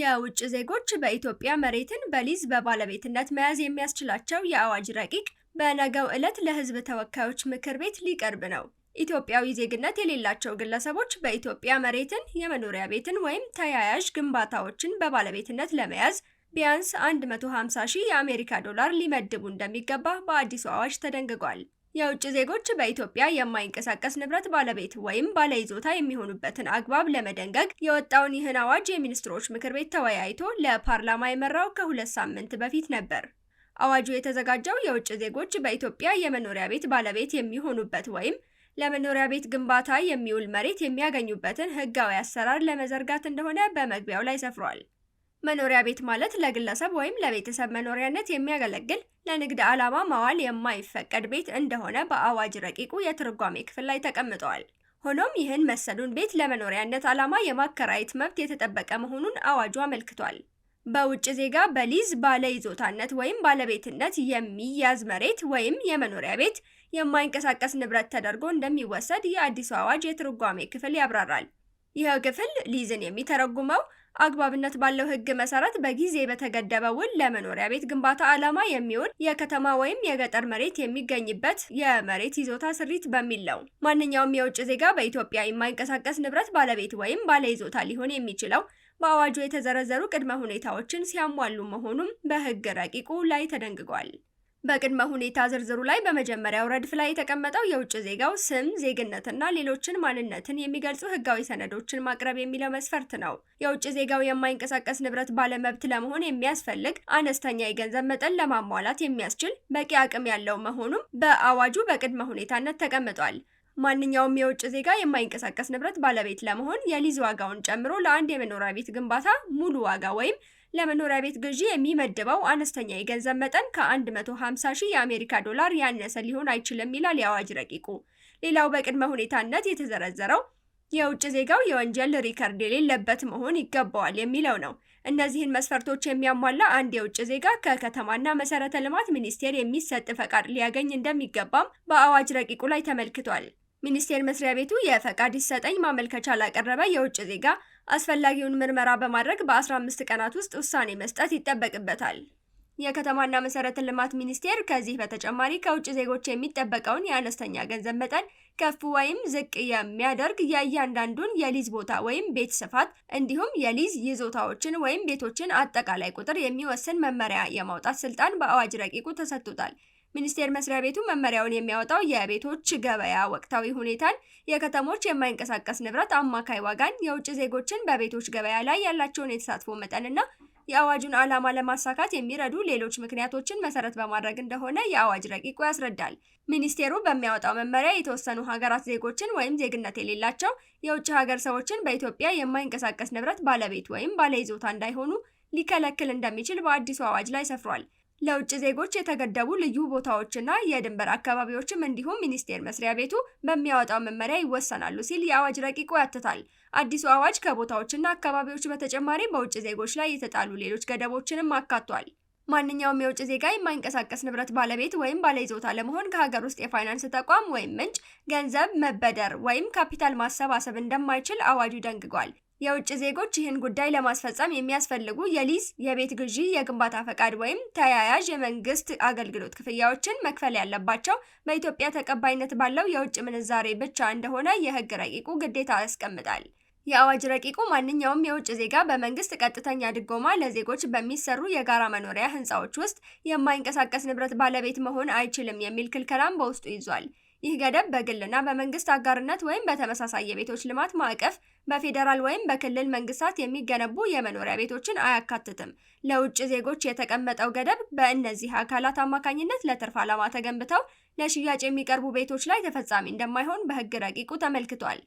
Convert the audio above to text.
የውጭ ዜጎች በኢትዮጵያ መሬትን በሊዝ በባለቤትነት መያዝ የሚያስችላቸው የአዋጅ ረቂቅ በነገው ዕለት ለሕዝብ ተወካዮች ምክር ቤት ሊቀርብ ነው። ኢትዮጵያዊ ዜግነት የሌላቸው ግለሰቦች በኢትዮጵያ መሬትን፣ የመኖሪያ ቤትን ወይም ተያያዥ ግንባታዎችን በባለቤትነት ለመያዝ ቢያንስ 150 ሺህ የአሜሪካ ዶላር ሊመድቡ እንደሚገባ በአዲሱ አዋጅ ተደንግጓል። የውጭ ዜጎች በኢትዮጵያ የማይንቀሳቀስ ንብረት ባለቤት ወይም ባለይዞታ የሚሆኑበትን አግባብ ለመደንገግ የወጣውን ይህን አዋጅ የሚኒስትሮች ምክር ቤት ተወያይቶ ለፓርላማ የመራው ከሁለት ሳምንት በፊት ነበር። አዋጁ የተዘጋጀው የውጭ ዜጎች በኢትዮጵያ የመኖሪያ ቤት ባለቤት የሚሆኑበት ወይም ለመኖሪያ ቤት ግንባታ የሚውል መሬት የሚያገኙበትን ሕጋዊ አሰራር ለመዘርጋት እንደሆነ በመግቢያው ላይ ሰፍሯል። መኖሪያ ቤት ማለት ለግለሰብ ወይም ለቤተሰብ መኖሪያነት የሚያገለግል ለንግድ ዓላማ ማዋል የማይፈቀድ ቤት እንደሆነ በአዋጅ ረቂቁ የትርጓሜ ክፍል ላይ ተቀምጠዋል። ሆኖም ይህን መሰሉን ቤት ለመኖሪያነት ዓላማ የማከራየት መብት የተጠበቀ መሆኑን አዋጁ አመልክቷል። በውጭ ዜጋ በሊዝ ባለይዞታነት ወይም ባለቤትነት የሚያዝ መሬት ወይም የመኖሪያ ቤት የማይንቀሳቀስ ንብረት ተደርጎ እንደሚወሰድ የአዲሱ አዋጅ የትርጓሜ ክፍል ያብራራል። ይህ ክፍል ሊዝን የሚተረጉመው አግባብነት ባለው ህግ መሰረት በጊዜ በተገደበ ውል ለመኖሪያ ቤት ግንባታ ዓላማ የሚውል የከተማ ወይም የገጠር መሬት የሚገኝበት የመሬት ይዞታ ስሪት በሚል ነው። ማንኛውም የውጭ ዜጋ በኢትዮጵያ የማይንቀሳቀስ ንብረት ባለቤት ወይም ባለይዞታ ሊሆን የሚችለው በአዋጁ የተዘረዘሩ ቅድመ ሁኔታዎችን ሲያሟሉ መሆኑም በህግ ረቂቁ ላይ ተደንግጓል። በቅድመ ሁኔታ ዝርዝሩ ላይ በመጀመሪያው ረድፍ ላይ የተቀመጠው የውጭ ዜጋው ስም፣ ዜግነትና ሌሎችን ማንነትን የሚገልጹ ህጋዊ ሰነዶችን ማቅረብ የሚለው መስፈርት ነው። የውጭ ዜጋው የማይንቀሳቀስ ንብረት ባለመብት ለመሆን የሚያስፈልግ አነስተኛ የገንዘብ መጠን ለማሟላት የሚያስችል በቂ አቅም ያለው መሆኑም በአዋጁ በቅድመ ሁኔታነት ተቀምጧል። ማንኛውም የውጭ ዜጋ የማይንቀሳቀስ ንብረት ባለቤት ለመሆን የሊዝ ዋጋውን ጨምሮ ለአንድ የመኖሪያ ቤት ግንባታ ሙሉ ዋጋ ወይም ለመኖሪያ ቤት ግዢ የሚመድበው አነስተኛ የገንዘብ መጠን ከ150 ሺህ የአሜሪካ ዶላር ያነሰ ሊሆን አይችልም ይላል የአዋጅ ረቂቁ። ሌላው በቅድመ ሁኔታነት የተዘረዘረው የውጭ ዜጋው የወንጀል ሪከርድ የሌለበት መሆን ይገባዋል የሚለው ነው። እነዚህን መስፈርቶች የሚያሟላ አንድ የውጭ ዜጋ ከከተማና መሰረተ ልማት ሚኒስቴር የሚሰጥ ፈቃድ ሊያገኝ እንደሚገባም በአዋጅ ረቂቁ ላይ ተመልክቷል። ሚኒስቴር መስሪያ ቤቱ የፈቃድ ይሰጠኝ ማመልከቻ ላቀረበ የውጭ ዜጋ አስፈላጊውን ምርመራ በማድረግ በ15 ቀናት ውስጥ ውሳኔ መስጠት ይጠበቅበታል። የከተማና መሰረተ ልማት ሚኒስቴር ከዚህ በተጨማሪ ከውጭ ዜጎች የሚጠበቀውን የአነስተኛ ገንዘብ መጠን ከፍ ወይም ዝቅ የሚያደርግ የእያንዳንዱን የሊዝ ቦታ ወይም ቤት ስፋት እንዲሁም የሊዝ ይዞታዎችን ወይም ቤቶችን አጠቃላይ ቁጥር የሚወስን መመሪያ የማውጣት ስልጣን በአዋጅ ረቂቁ ተሰጥቶታል። ሚኒስቴር መስሪያ ቤቱ መመሪያውን የሚያወጣው የቤቶች ገበያ ወቅታዊ ሁኔታን፣ የከተሞች የማይንቀሳቀስ ንብረት አማካይ ዋጋን፣ የውጭ ዜጎችን በቤቶች ገበያ ላይ ያላቸውን የተሳትፎ መጠንና የአዋጁን ዓላማ ለማሳካት የሚረዱ ሌሎች ምክንያቶችን መሰረት በማድረግ እንደሆነ የአዋጅ ረቂቁ ያስረዳል። ሚኒስቴሩ በሚያወጣው መመሪያ የተወሰኑ ሀገራት ዜጎችን ወይም ዜግነት የሌላቸው የውጭ ሀገር ሰዎችን በኢትዮጵያ የማይንቀሳቀስ ንብረት ባለቤት ወይም ባለይዞታ እንዳይሆኑ ሊከለክል እንደሚችል በአዲሱ አዋጅ ላይ ሰፍሯል። ለውጭ ዜጎች የተገደቡ ልዩ ቦታዎችና የድንበር አካባቢዎችም እንዲሁም ሚኒስቴር መስሪያ ቤቱ በሚያወጣው መመሪያ ይወሰናሉ ሲል የአዋጅ ረቂቁ ያትታል። አዲሱ አዋጅ ከቦታዎችና አካባቢዎች በተጨማሪ በውጭ ዜጎች ላይ የተጣሉ ሌሎች ገደቦችንም አካቷል። ማንኛውም የውጭ ዜጋ የማይንቀሳቀስ ንብረት ባለቤት ወይም ባለይዞታ ለመሆን ከሀገር ውስጥ የፋይናንስ ተቋም ወይም ምንጭ ገንዘብ መበደር ወይም ካፒታል ማሰባሰብ እንደማይችል አዋጁ ደንግጓል። የውጭ ዜጎች ይህን ጉዳይ ለማስፈጸም የሚያስፈልጉ የሊዝ፣ የቤት ግዢ፣ የግንባታ ፈቃድ ወይም ተያያዥ የመንግስት አገልግሎት ክፍያዎችን መክፈል ያለባቸው በኢትዮጵያ ተቀባይነት ባለው የውጭ ምንዛሬ ብቻ እንደሆነ የህግ ረቂቁ ግዴታ ያስቀምጣል። የአዋጅ ረቂቁ ማንኛውም የውጭ ዜጋ በመንግስት ቀጥተኛ ድጎማ ለዜጎች በሚሰሩ የጋራ መኖሪያ ህንፃዎች ውስጥ የማይንቀሳቀስ ንብረት ባለቤት መሆን አይችልም የሚል ክልከላም በውስጡ ይዟል። ይህ ገደብ በግልና በመንግስት አጋርነት ወይም በተመሳሳይ የቤቶች ልማት ማዕቀፍ በፌዴራል ወይም በክልል መንግስታት የሚገነቡ የመኖሪያ ቤቶችን አያካትትም። ለውጭ ዜጎች የተቀመጠው ገደብ በእነዚህ አካላት አማካኝነት ለትርፍ ዓላማ ተገንብተው ለሽያጭ የሚቀርቡ ቤቶች ላይ ተፈጻሚ እንደማይሆን በሕግ ረቂቁ ተመልክቷል።